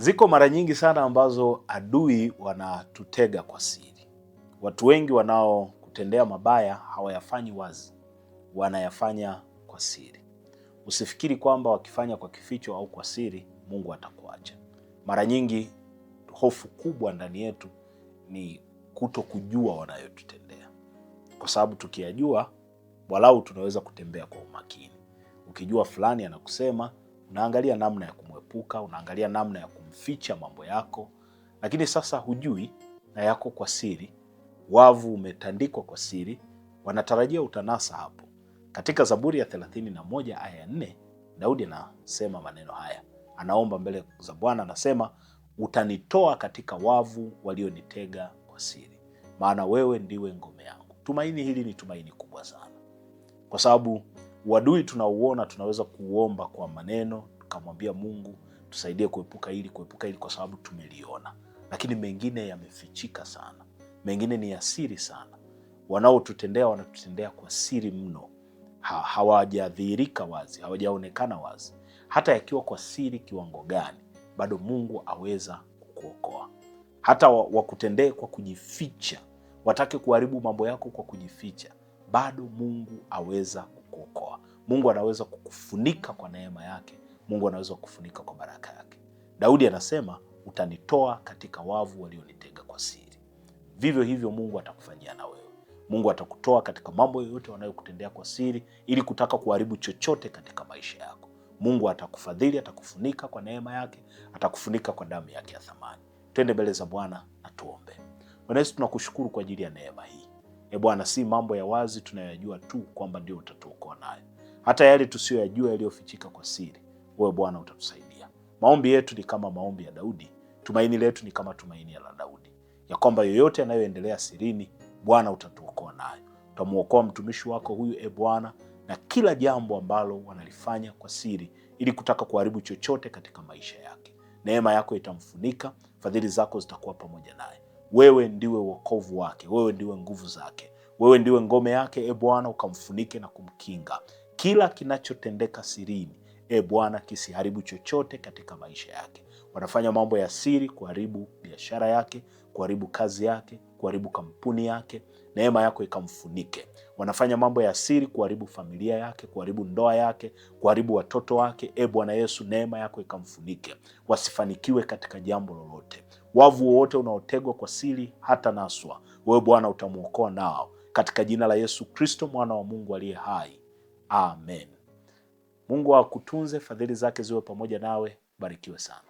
Ziko mara nyingi sana ambazo adui wanatutega kwa siri. Watu wengi wanaokutendea mabaya hawayafanyi wazi, wanayafanya kwa siri. Usifikiri kwamba wakifanya kwa kificho au kwa siri Mungu atakuacha. Mara nyingi hofu kubwa ndani yetu ni kuto kujua wanayotutendea, kwa sababu tukiyajua, walau tunaweza kutembea kwa umakini. Ukijua fulani anakusema, unaangalia namna ya kumwe kuepuka, unaangalia namna ya kumficha mambo yako, lakini sasa hujui na yako kwa siri, wavu umetandikwa kwa siri, wanatarajia utanasa hapo. Katika Zaburi ya 31 aya 4 Daudi anasema maneno haya, anaomba mbele za Bwana, anasema utanitoa katika wavu walionitega kwa siri, maana wewe ndiwe ngome yangu. Tumaini hili ni tumaini kubwa sana, kwa sababu uadui tunauona tunaweza kuomba kwa maneno kamwambia Mungu tusaidie kuepuka hili, kuepuka hili, kwa sababu tumeliona. Lakini mengine yamefichika sana, mengine ni ya siri sana. Wanaotutendea wanatutendea kwa siri mno, ha, hawajadhihirika wazi, hawajaonekana wazi. Hata yakiwa kwa siri kiwango gani, bado Mungu aweza kukuokoa. Hata wakutendee kwa kujificha, watake kuharibu mambo yako kwa kujificha, bado Mungu aweza kukuokoa. Mungu anaweza kukufunika kwa neema yake Mungu anaweza kufunika kwa baraka yake. Daudi anasema utanitoa katika wavu walionitega kwa siri. Vivyo hivyo Mungu atakufanyia na wewe. Mungu atakutoa katika mambo yoyote wanayokutendea kwa siri ili kutaka kuharibu chochote katika maisha yako. Mungu atakufadhili, atakufunika kwa neema yake, atakufunika kwa damu yake ya thamani. Twende mbele za Bwana na tuombe. Bwana Yesu, tunakushukuru kwa ajili ya neema hii. E Bwana, si mambo ya wazi tunayoyajua tu kwamba ndio utatuokoa nayo, hata yale tusiyoyajua yaliyofichika kwa siri wewe Bwana utatusaidia. Maombi yetu ni kama maombi ya Daudi, tumaini letu ni kama tumaini la Daudi, ya kwamba yoyote yanayoendelea sirini, Bwana utatuokoa nayo. utamuokoa mtumishi wako huyu, e Bwana, na kila jambo ambalo wanalifanya kwa siri ili kutaka kuharibu chochote katika maisha yake. Neema yako itamfunika, fadhili zako zitakuwa pamoja naye. Wewe ndiwe wokovu wake, wewe ndiwe nguvu zake, wewe ndiwe ngome yake. E Bwana, ukamfunike na kumkinga kila kinachotendeka sirini E Bwana, kisiharibu chochote katika maisha yake. Wanafanya mambo ya siri kuharibu biashara yake, kuharibu kazi yake, kuharibu kampuni yake, neema yako ikamfunike. Wanafanya mambo ya siri kuharibu familia yake, kuharibu ndoa yake, kuharibu watoto wake. E Bwana Yesu, neema yako ikamfunike, wasifanikiwe katika jambo lolote. Wavu wowote unaotegwa kwa siri, hata naswa, wewe Bwana utamwokoa nao, katika jina la Yesu Kristo, mwana wa Mungu aliye hai, amen. Mungu akutunze, fadhili zake ziwe pamoja nawe, barikiwe sana.